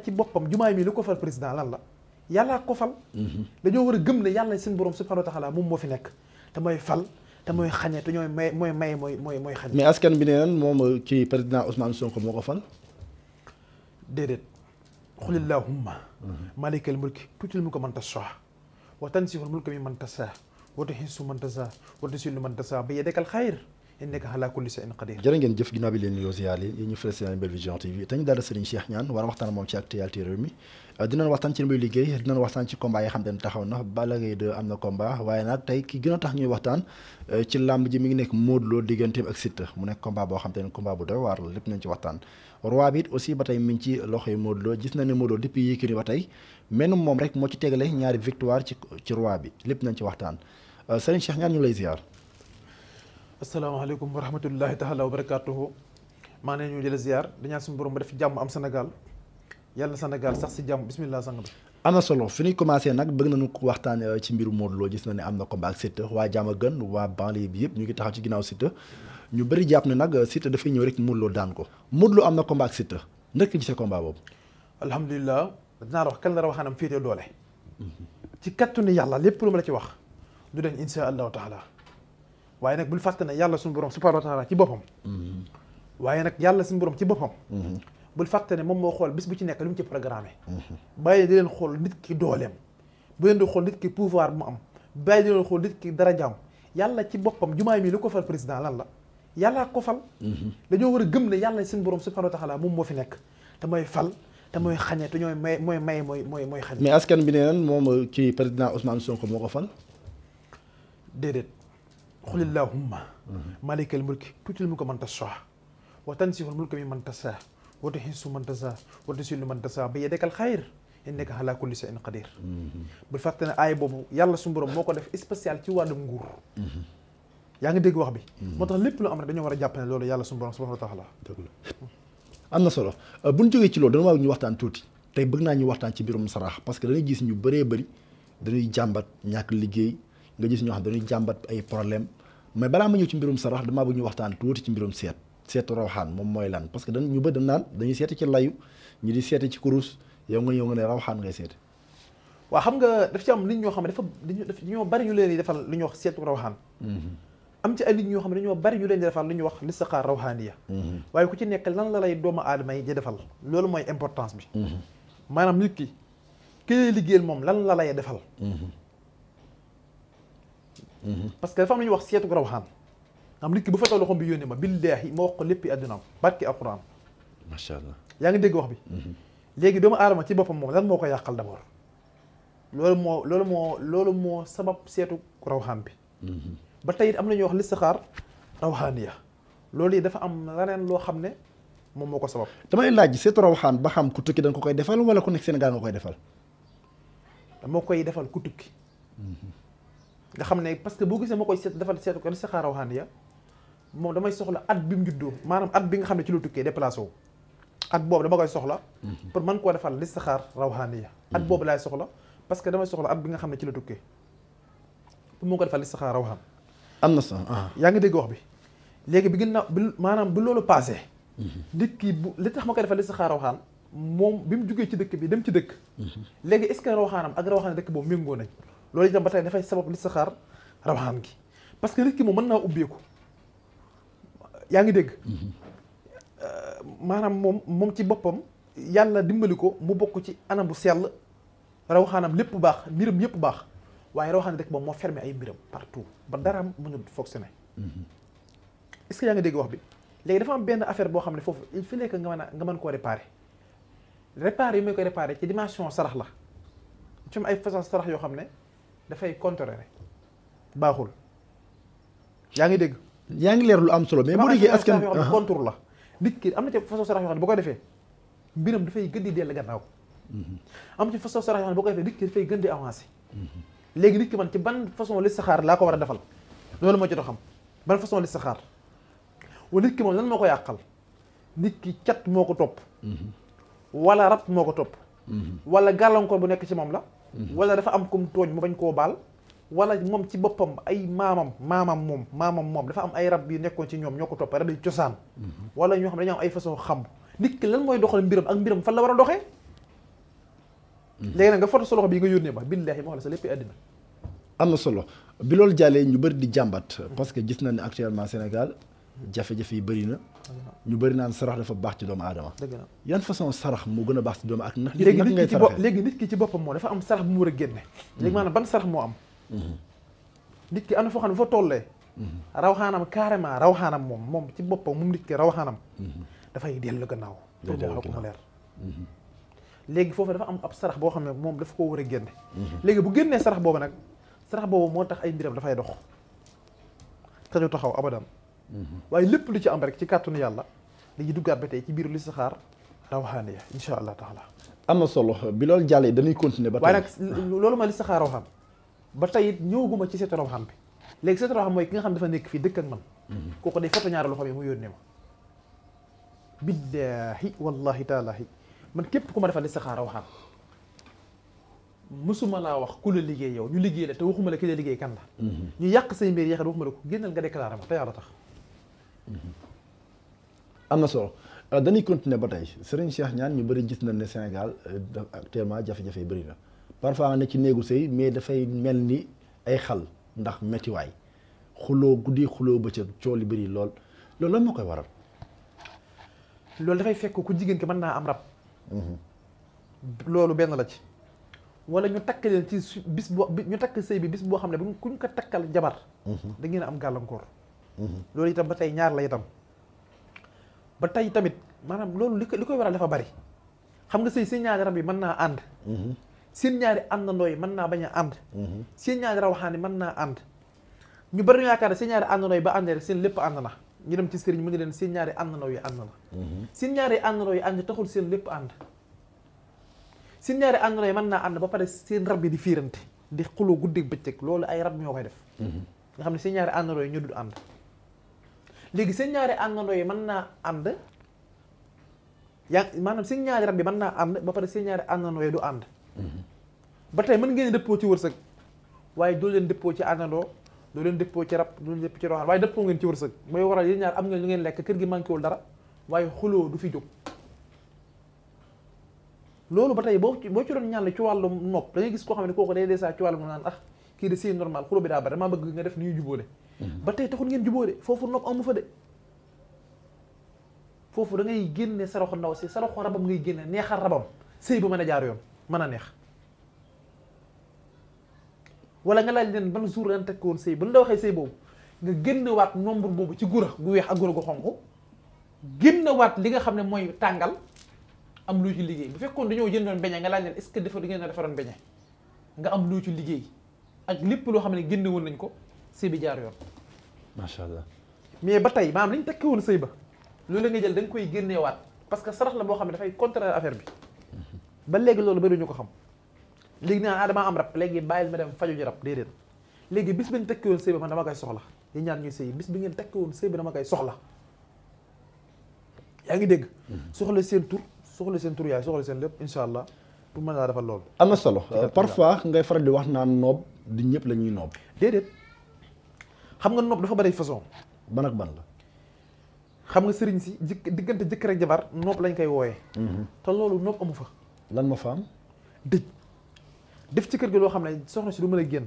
ci boppam jumaay mi lu ko fal président lan la yàllaa ko fal mhm. dañoo war a gëm ne yàlla seen borom subhanahu wa taala moom moo fi nekk te mooy fal te mooy xañe te ñooy may mooy may mooy mooy mooy xañe mais askan bi neen moom ci président Ousmane Sonko moo ko fal déedéet xulillahumma mhm. malikal mulki tuutil mulka man tashaa wa tansihul mulka mi man tashaa wa tuhissu man tashaa wa tusillu man tashaa bi yadikal xayr innaka ala kulli shay'in qadir jërë ngeen jëf ginnaaw bi leen nuyoo ziyaar yi ñu te ñu daal Serigne Cheikh Niane war a waxtaan moom ci actualité réew mi euh, dinañ waxtaan waxtaan ci combat yi xam ne taxaw na Balla Gaye 2 am na combat waaye nag tey ki gën a tax ñuy waxtaan euh, ci làmb ji mi ngi nekk Modou Lo digganteem ak Siteu mu nekk combat boo xam te ne combat bu doy waar la lépp nañ ci waxtaan roi it aussi ba tey mi ngi ci loxoy Modou Lo gis na ne Modou Lo depuis Yékini ba tey moom rek moo ci tegale ñaari victoire ci ci roi bi lépp nañ ci waxtaan euh, Serigne Cheikh Niane ñu lay ziyaar asalaamaaleykum wa rahmatullahi taala wa barakaatuhu maa ne ñu jële ziar di ñaan suñu borom def jàmm am Sénégal yàlla na Sénégal sax si jàmm bisimilah sang bi am na solo fi ñuy commencé nag bëgg nañu ko waxtaane ci mbiru Modou Lo gis na ne am na combat ak Siteu waa Diamaguène waa banlieue bi yëpp ñu ngi taxaw ci ginnaaw Siteu ñu bëri jàpp ne nag Siteu dafay ñëw rek Modou Lo daan ko Modou Lo am na combat ak Siteu ndëkk gisee combat boobu alhamdulilah dinaa wax kan la waxaanam doole mhm. ci kattu ni yàlla lépp lu la ci wax du den insha allahu taala waaye nag bul fàtte ne yàlla suñu borom subhanahu wa taala ci boppam mm-hmm. waaye nag yàlla suñu borom ci boppam mm-hmm. bul fàtte ne moom moo xool bis bu ci nekk lu mu ci programme mm-hmm. bàyyi di leen xool nit ki dooleem bu leen di xool nit ki pouvoir mu am bàyyi di xool nit ki darajaam yàlla ci boppam jumaay mi lu ko fal président lan la yàllaa ko fal dañoo war a gëm ne yàlla suñu borom subhanahu wa taala moom moo fi nekk te fal te mooy xañe te may mooy may mooy mooy mooy xañe mais askan bi nee nan moom ci président Ousmane Sonko moo ko fal déedéet qul illahumma malikal mulki tuutil mulka man tashaa wa tansihul mulka mimman tashaa wa tuhissu man tashaa wa tusillu man tashaa bi yadikal xayr innaka ala kulli shay'in qadir bu fàtte ne aay boobu yàlla suñu borom moo ko def spécial ci wàllum nguur yaa ngi dégg wax bi moo tax lépp lu am rek dañoo war a jàpp ne loolu yàlla suñu borom subhanahu wa am na solo euh, bu ñu jógee ci loolu dana waa ñu waxtaan tuuti tey bëgg naa ñu waxtaan ci mbirum saraax parce que dañuy gis ñu bëree bëri dañuy jàmbat ñàkk liggéey nga gis ñoo xam dañuy jàmbat ay problème mais balaa ma ñëw ci mbirum sarax damaa bëgg ñu waxtaan tuuti ci mbirum seet seetu rawxaan moom mooy lan parce que dañ ñu bëgg dañ naan dañuy seeti ci layu ñu di seeti ci kurus yow nga ñëw nga ne rawxaan ngay seeti waaw xam nga daf ci am nit ñoo xam ne dañoo bari ñu leen di defal lu ñuy wax seetu rawxaan mm-hmm. am ci ay nit ñoo xam ne dañoo bari ñu leen di defal lu ñuy wax listixaar rawxaaniya mm-hmm. waaye ku ci nekk lan la lay doomu aadama yi di defal loolu mooy importance bi mm-hmm. maanaam nit ki moom lan la lay defal parce que dafa am lu ñuy wax seetu rawxaan am nit ki bu fa loxoom bi yónnee ma billaahi ma wax ko léppi àddunaam barki alquran macha allah yaa ngi dégg wax bi mhm. léegi doomu aadama ci boppam moom lan moo ko yàqal d' abord loolu moo loolu moo loolu moo sabab seetu rawxaan bi mhm. tey am na ñuy wax listixaar rawxaaniya loolu yi dafa am leneen loo xam ne moom moo ko sabab damay laaj seetu rawxaan ba xam ku tukki da ko koy defal wala ku nekk Sénégal nga koy defal dama koy defal ku nga xam ne parce que boo gisee ma koy seet defal seetu ko istixaara ruhaaniya moom damay soxla at bi mu maanaam at bi nga xam ne ci lu tukkee déplacé wu at boobu dama koy soxla mhm. pour mën koo defal istixaara ruhaaniya at boobu laay soxla parce que damay soxla at bi nga xam ne ci la tukkee pour ko defal istixaara ruhaan am na sax ah. yaa ngi dégg wax bi léegi bi gën na bi maanaam bu loolu passé mhm. nit bu li tax ma koy defal istixaara ruhaan moom bi mu jugee ci dëkk bi dem ci dëkk mhm. léegi est ce que rawxaanam ak rawxaan dëkk boobu méngoo nañ loolu itam ba tey dafay sabab saxaar rawaxaan gi parce que nit ki moom mën naa ubbeeku yaa ngi dégg maanaam moom moom ci boppam yàlla dimbali ko mu bokk ci anam bu sell rawaxaanam lépp baax mbiram yëpp baax waaye rawaxaan rek moom moo fermé ay mbiram partout ba dara mu ñu fonctionné est ce que yaa ngi dégg wax bi léegi dafa am benn affaire boo xam ne foofu il fi nekk nga mën a nga mën koo réparé réparé yi may ko réparé ci dimension sarax la ci ay façon sarax yoo xam ne dafay contrer baaxul yaa ngi dégg. yaa ngi leer lu am solo mais boo déggee askan contour la nit ki am na ci façon sarax yoo xam ne boo ko defee mbiram dafay gën di dell gannaaw mhm. am ci façon sarax yoo xam ne boo ko defee nit ki dafay gën di avancé mhm. léegi nit ki man ci ban façon saxaar laa ko war a defal loolu moo ci doon xam ban façon listixaar wala nit ki moom lan moo ko yàqal nit ki cat moo ko topp mhm. wala rab moo ko topp wala gàllankoor bu nekk ci moom la Mhm. wala dafa am kum tooñ mu bañ koo baal wala moom ci boppam ay maamam maamam moom maamam moom dafa am ay rab yu nekkoon ci ñoom ñoo ko topp rab yu cosaan mhm. wala ñoo xam dañoo am ay façon xam nit ki lan mooy doxal mbiram ak mbiram fan la war a doxee mhm. léegi nag nga foto solo loxo bii nga yónnee ba billaahi moo wax la sa lépp àddina am na solo bi loolu jàllee ñu bëri di jàmbat parce que gis na ni actuellement Sénégal jafe-jafe yi bëri na ñu bëri naan sarax dafa baax ci doomu aadama yan façon sarax moo gën a baax ci doomu ak ndax léegi nit ki léegi nit ki ci boppam moo am sarax mu war a génne mm-hmm. léegi maanaam ban sarax moo am mm-hmm. ki am na foo xam ne fa mm-hmm. rawxaanam carrément rawxaanam moom moom ci boppam moom nit ki rawxaanam dafay dellu gannaaw pour mu wax ko mu leer léegi foofu dafa am ab sarax boo xam ne moom dafa ko wër a génne léegi bu génnee sarax boobu nag sarax boobu moo tax ay mbiram dafay dox te du taxaw abadan waaye lépp lu ci am rek ci kàttanu yàlla dañuy duggaat ba tey ci biir listixaar rawaxaane ya incha allah taala am na solo bi loolu jàllee dañuy continuer ba tey waaye nag loolu ma listixaar rawaxaan ba tey it ñëwaguma ci seetu rawaxaan bi léegi seetu rawaxaan mooy ki nga xam dafa nekk fii dëkka ak man kooku day foto ñaari loxoom yi mu yónnee ma billaahi wallahi taalaahi man képp ku ma defal listixaar rawaxaan musuma laa wax ku la liggéey yow ñu liggéey la te waxuma la ki la liggéey kan mm-hmm. ñu yàq say mbir yàqal waxuma la nga déclaré ma te yàlla am na solo euh, dañuy continuer ba tey Serigne Cheikh ñaan ñu bari gis nañ ne Sénégal euh, actuellement jafe-jafe bari na parfois ne ci néegu sëy mais dafay mel ni ay xal ndax méttiwaay xuloo guddi xuloo bëccëg coow li bëri lool loolu lan moo koy waral. loolu dafay fekk ku jigéen ki mën naa am rab. Mhm. loolu benn la ci. wala ñu takk leen ci bis boo ñu takk sëy bi bis boo xam ne bu kuñ ko takkal jabar. Mhm. da ngeen am gàllankoor. Mm-hmm. loolu itam ba tey ñaar la tam ba tey tamit maanaam loolu li koy a dafa bari xam nga sëy seen ñaari rab yi mën naa ànd mm-hmm. seen ñaari àndandoo yi mën naa bañ a ànd mm-hmm. seen ñaari mën naa ànd ñu bari ñu yaakaar ne yi ba àndee seen lépp ànd na ñu dem ci sëriñ mu ngi leen seen ñaari àndandoo yi ànd na seen ñaari àndandoo yi ànd taxul seen lépp ànd seen yi mën naa ànd ba pare seen rab yi di fiirante di xuloo guddeeg bëccëg loolu ay rab ñoo koy def nga xam ne seen ñaari àndandoo yi ñu dul ànd léegi seen ñaari àngandoo yi mën naa ànd yaa maanaam seen ñaari rab yi mën naa ànd ba pare seen ñaari àngandoo yi du ànd mm-hmm. ba tey mën ngeen dëppoo ci wërsëg waaye doo leen dëppoo ci àndandoo doo leen dëppoo ci rab doo leen dëppoo ci roxaan waaye dëppoo ngeen ci wërsëg mooy waral yéen ñaar am ngeen lu ngeen lekk kër gi manqué wul dara waaye xuloo du fi jóg loolu ba tey boo boo ci doon ñaan ci wàllum nopp da ngay gis koo xam ne kooku day dee saa ci mu naan ah kii de c'est normal xuloo bi daa bari damaa bëgg nga def ni ñuy jubóole mhm. ba tey taxul ngeen jubóole foofu nopp amu fa de foofu da ngay génne saraxu ndaw si saraxu rabam ngay génne neexal rabam sëy ba mën a jaar yoon mën a neex wala nga laaj leen ban jour lañ teg woon sëy ba ñu la waxee sëy boobu nga génne waat nombre boobu ci gura gu weex ak gura gu xonq génne waat li nga xam ne mooy tàngal am lu ci liggéey bu fekkoon dañoo jëndoon beñe nga laaj leen est ce que dafa ngeen a defaroon beñe nga am lu ci liggéey ak lépp loo xam ne génne woon nañ ko sëy bi jaar yoon. macha allah. mais ba tey maanaam li ñu takki woon sëy ba loolu la nga jël da koy génneewaat parce que sarax la boo xam ne dafay contraire affaire bi mhm. ba léegi loolu bëri ñu ko xam léegi naan ah damaa am rab léegi bàyyil ma dem faju ji rab déedéet léegi bis bi ñu takki woon ba man dama koy soxla di ñaan ñuy sëy bis bi ngeen takki woon sëy dama koy soxla yaa ngi dégg mhm. soxla seen tur soxla seen tur yaay soxla seen lépp incha allah pour mën laa defal loolu. am na solo parfois ngay faral di wax naan noob di ñëpp la ñuy noob. déedéet xam nga noob dafa bari façon. ban ak ban la. xam nga sëriñ si jëkk diggante jëkkër rek jabar noob lañ koy wooyee. Mhm. te loolu noob amu fa. lan ma fa am. dëj def ci kër gi loo xam ne soxna si du mën a génn.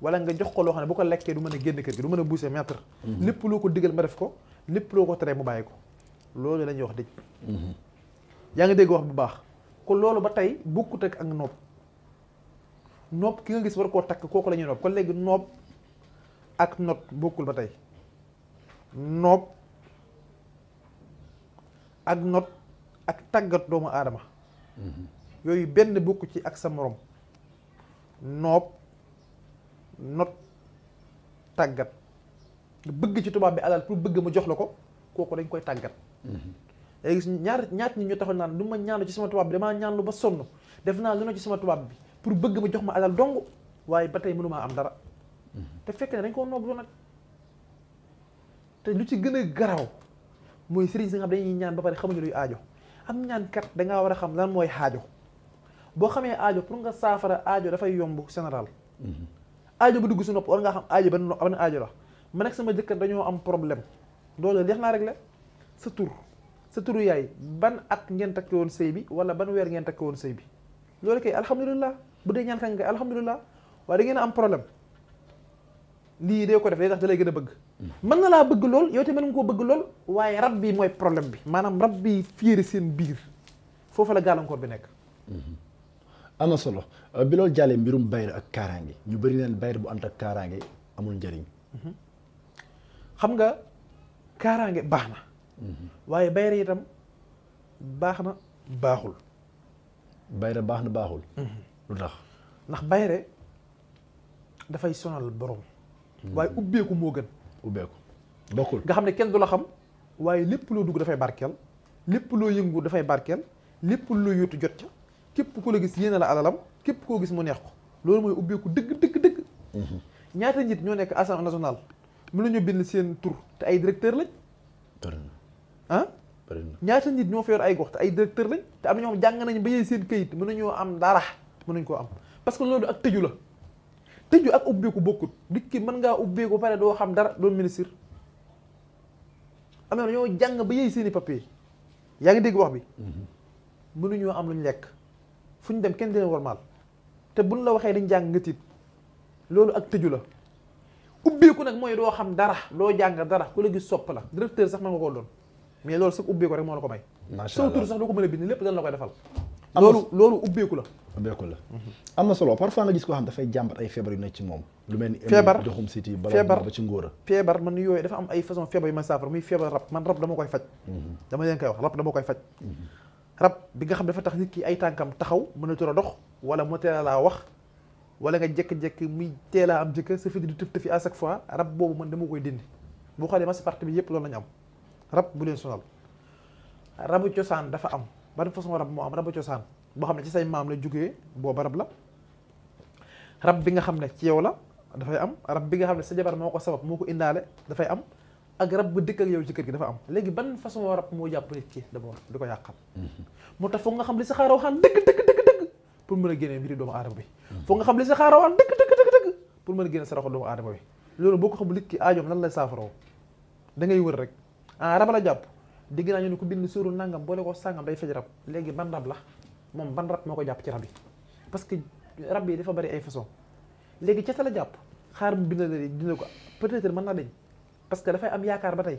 wala nga jox ko loo xam ne bu ko lekkee du mën a génn kër gi du man a buuse mètre. Mhm. lépp loo ko digal ma def ko lépp loo ko teree mu bàyyi ko loolu la ñuy wax dëj. Mhm. yaa ngi dégg bu baax. kon loolu ba tey bukkut ak nopp nopp ki nga gis war koo takk kooku la ñuy nopp kon léegi nopp ak not bokkul ba tey nopp ak not ak tàggat doomu aadama mm-hmm. yooyu benn bokku ci ak sa moroom nopp not tàggat bëgg ci tubaab bi alal pour bëgg ma jox la ko kooku lañ koy tàggat mm-hmm. léegi ñaar ñaat ñi ñu taxoon naan lu ma ñaanu ci sama tubaab bi damaa ñaanlu ba sonn def naa lu ne ci sama bi pour bëgg ma jox ma alal dong waaye ba tey mënumaa am dara mhm. te fekk ne dañ ko noob nag te lu ci gën a garaw mooy sëriñ si nga xam dañuy ñaan ba pare xamuñu luy aajo am ñaan kat dangaa war a xam lan mooy aajo boo xamee aajo pour nga saafara aajo dafay yomb général mhm. aajo bu dugg si nopp war ngaa xam aajo ban ban aajo la man ak sama jëkkër dañoo am problème loolu leex naa rek la sa tur sa turu yaay ban ak ngeen takki woon sëy bi wala ban weer ngeen takki woon sëy bi loolu kay alhamdulilah bu dee ñaan kan nga alhamdulilah waaye da ngeen am problème lii dee ko def day tax da gën a bëgg mën na laa bëgg lool yow tamit nga koo bëgg lool waaye rab bi mooy problème bi maanaam rab bi fiire seen biir foofu la gàllankoor bi nekk am na solo euh, bi loolu jàllee mbirum bayre ak kaaraange ñu bëri neen bayre bu ànd ak kaaraange amul njëriñ nga kaaraange baax na waaye bayre itam baax na baaxul. bayre baax na baaxul. Mhm. lu tax ndax bayre dafay sonal borom. Mhm. waaye ubbeeku moo gën. ubbeeku bokkul nga xam ne kenn du la xam waaye lépp loo dugg dafay barkeel lépp loo yëngu dafay barkeel lépp loo yóotu jot ca képp ku la gis yéene la alalam képp koo gis mu neex ko loolu mooy ubbeeku dëgg dëgg dëgg. Mhm. ñaata nit ñoo nekk assemblée nationale mën nañu bind seen tur te ay directeur lañ. ah ñaata nit ñoo fa yor ay gox te ay directeur lañ te am na ñoo xam jàng nañ ba yee seen këyit mën nañoo am dara mën nañ koo am parce que loolu ak tëju la tëju ak ubbeeku bokkut nit mën ngaa ubbeeku pare doo xam dara doon ministre am na ñoo jàng ba yaa ngi dégg wax bi mhm. mënuñoo am luñ lekk fu ñu dem kenn dina warmaal te buñ la waxee dañ jàng loolu ak tëju la ubbeeku nag mooy doo xam dara doo jàng dara ku la gis sopp la directeur sax mën nga koo doon mais loolu sax ubbeeku rek moo la ko may. macha allah sax doo ko mën a bind lépp dañ la koy defal. loolu ubbeeku la. ubbeeku la. am na solo parfois nga gis koo xam dafay jàmbat ay feebar yu nekk ci moom. lu mel ni feebar joxum siti bala ba ci ngóora feebar man am ay façon feebar yu ma saafara muy feebar rab man rab dama koy faj. Mhm. dama leen koy wax rab dama koy faj. Mhm. rab bi nga xam dafa tax nit kii ay tànkam taxaw mën a tura dox wala mu teel laa wax wala nga jékki-jékki muy teel a am jëkkër sa fit di tëf tëfi à chaque fois rab boobu man dama koy dindi boo xoolee ma si bi yëpp loolu lañu am rab bu leen sonal rabu cosaan dafa am ban façon rab moo am rabu cosaan boo xam ne ci say maam la jugee booba rab la rab bi nga xam ne ci yow la dafay am rab bi nga xam ne sa jabar moo ko moo ko indaale dafay am ak rab bu dëkk ak yow ci kër gi dafa am léegi ban façon rab moo jàpp nit ki d'abord di ko yàqal mhm. moo tax foog nga xam li sa xaaraw xaan dëgg dëgg dëgg dëgg pour mën a génne mbiri doomu aadama bi mhm. foog nga xam li sa xaaraw xaan dëgg pour mën a génne sa raxo doomu bi loolu boo ko xamul nit ki aajoom lan lay saafaroo da ngay wër rek ah rab la jàpp digg naa ñu ne ku bind suuru nangam boole ko sàngam day faj rab léegi ban rab la moom ban moo ko jàpp ci rab yi parce que rab yi dafa bari ay façon léegi ca la jàpp xaar mu bind la dina ko peut-être mën naa dañ parce que dafay am yaakaar ba tey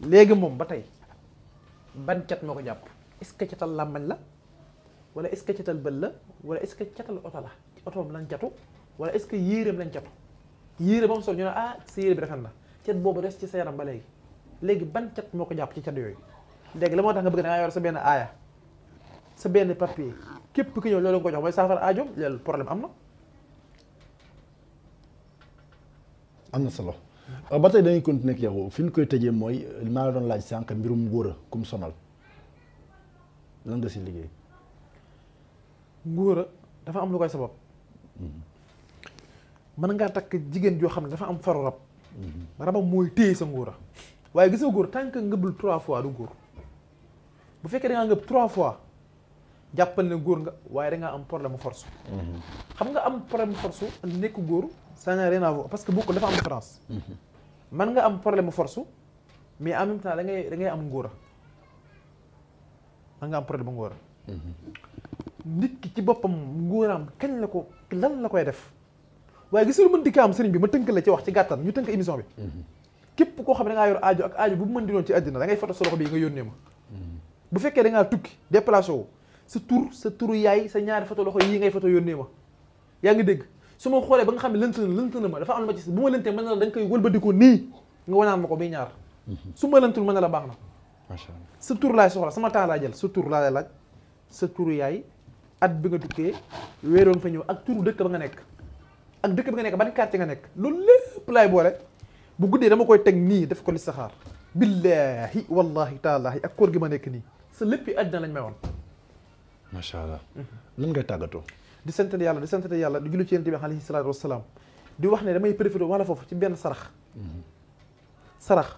léegi moom ba tey ban cat moo ko jàpp est-ce que catal la wala est-ce que catal la wala est-ce que catal oto la otoom lañ catu wala est-ce que yéereem lañ catu yéere ba mu sol ñu ne ah sa yéere bi rafet na cat boobu des ci sa yaram ba léegi léegi ban cat moo ko jàpp ci cat yooyu léegi la moo tax nga bëgg da ngaa yor sa benn aaya sa benn papier képp ku ñëw loolu nga ko jox mooy saafara aajo loolu problème am na. am na solo euh, ba tey dañuy continuer ak yow fi ñu koy tëjee mooy maa ma doon laaj sànq mbirum ngóora kum sonal lan nga si liggéey. ngóora dafa am lu koy sabab. Mm-hmm. mën ngaa takk jigéen joo xam ne dafa am faru rab. Mm-hmm. rabam mooy téye sa ngóora. waaye gis nga góor tant que ngëbul trois fois du góor bu fekkee da ngaa ngëb trois fois jàppal ne góor nga waaye da ngaa am problème force. Mhm. xam nga am problème force ak góor ça n'a rien à voir parce que bokkul dafa am différence. Mhm. man nga am problème force mais en même temps da ngay da ngay am ngóora man nga am problème ngóora. Mhm. nit ki ci boppam ngóoraam kañ la ko lan la koy def waaye gis nga lu am sëriñ bi ma tënk la ci wax ci gàttal ñu tënk émission bi. képp koo xam ne da ngaa yor aajo ak aajo bu mu mën di doon ci àddina da ngay foto sa loxo bi nga yónnee ma bu fekkee da tukki déplacé wu sa sa turu yaay sa ñaari foto loxo yii ngay foto yónnee ma yaa ngi dégg su ma xoolee ba nga xam ne lënt na lënt na ma dafa am lu ma ci bu ma lëntee mën na la da nga ma ko bi ñaar su ma lëntul mën na la baax na macha sa tur soxla sama temps laa sa tur laa lay laaj sa turu yaay at bi nga tukkee weeroon fa ñëw ak turu dëkk ba nga nekk ak dëkk bi nga nekk ban quartier nga nekk loolu lépp laay boole bu guddee dama koy teg nii def ko listixaar billaahi wallaahi taalaahi ak koor gi ma nekk nii sa lépp àddina lañ may woon macha allah mm-hmm. lan ngay tàggatoo di sant yàlla di sant yàlla di julli ci yonent bi alayhi salaatu wasalaam di wax ne damay préféré wala foofu ci benn sarax mm-hmm. sarax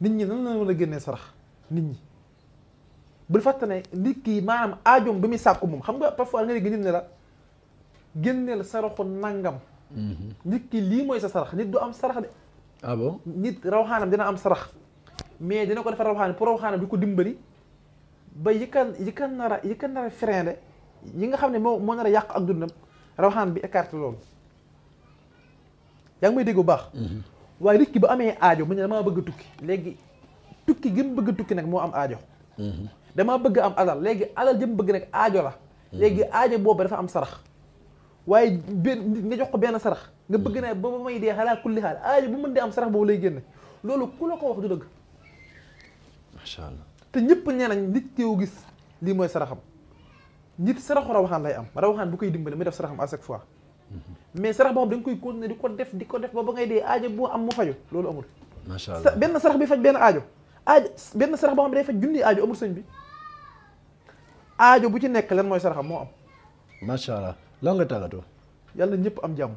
nit ñi nan la mën a génnee sarax nit ñi bu fàtte ne nit ki maanaam aajoom bi muy sàkku moom xam nga parfois nga ne nit ne la génneel saraxu nangam mm-hmm. nit ki lii mooy sa sarax nit du am sarax ah nit rawxaanam dina am sarax mais dina ko defar rawxaanam pour rawxaanam di ko dimbali ba yi kan yi kan nar a yi kan nar yi nga xam ne moo moo nar a yàq ak dundam rawxaan bi écarté loolu yaa ngi may dégg bu baax mhm. waaye nit ki bu amee aajo mu ne damaa bëgg tukki léegi tukki gi bëgg tukki nag moo am aajo mhm. damaa bëgg am alal léegi alal jëm bëgg nag aajo la mhm. léegi aajo boobu dafa am sarax waaye benn nga jox ko benn sarax nga bëgg hmm. naa ba may dee xalaa kulli xaal aajo bu mën di am sarax boobu lay génne loolu ku la ko wax du dëgg. te ñëpp nee nañ nit yow gis lii mooy saraxam nit saraxu rawaxaan lay am rawaxaan bu koy dimbale mu def saraxam à chaque fois hmm. mais sarax boobu da nga koy continuer di ko def di ko def ba ba ngay dee aajo boo am mu faju loolu amul. macha allah benn sarax bi faj benn aajo aajo benn sarax boo xam ne day faj junni aajo amul sëñ bi aajo bu ci nekk lan mooy saraxam moo am. macha allah lan nga tàggatoo. yàlla ñëpp am jàmm.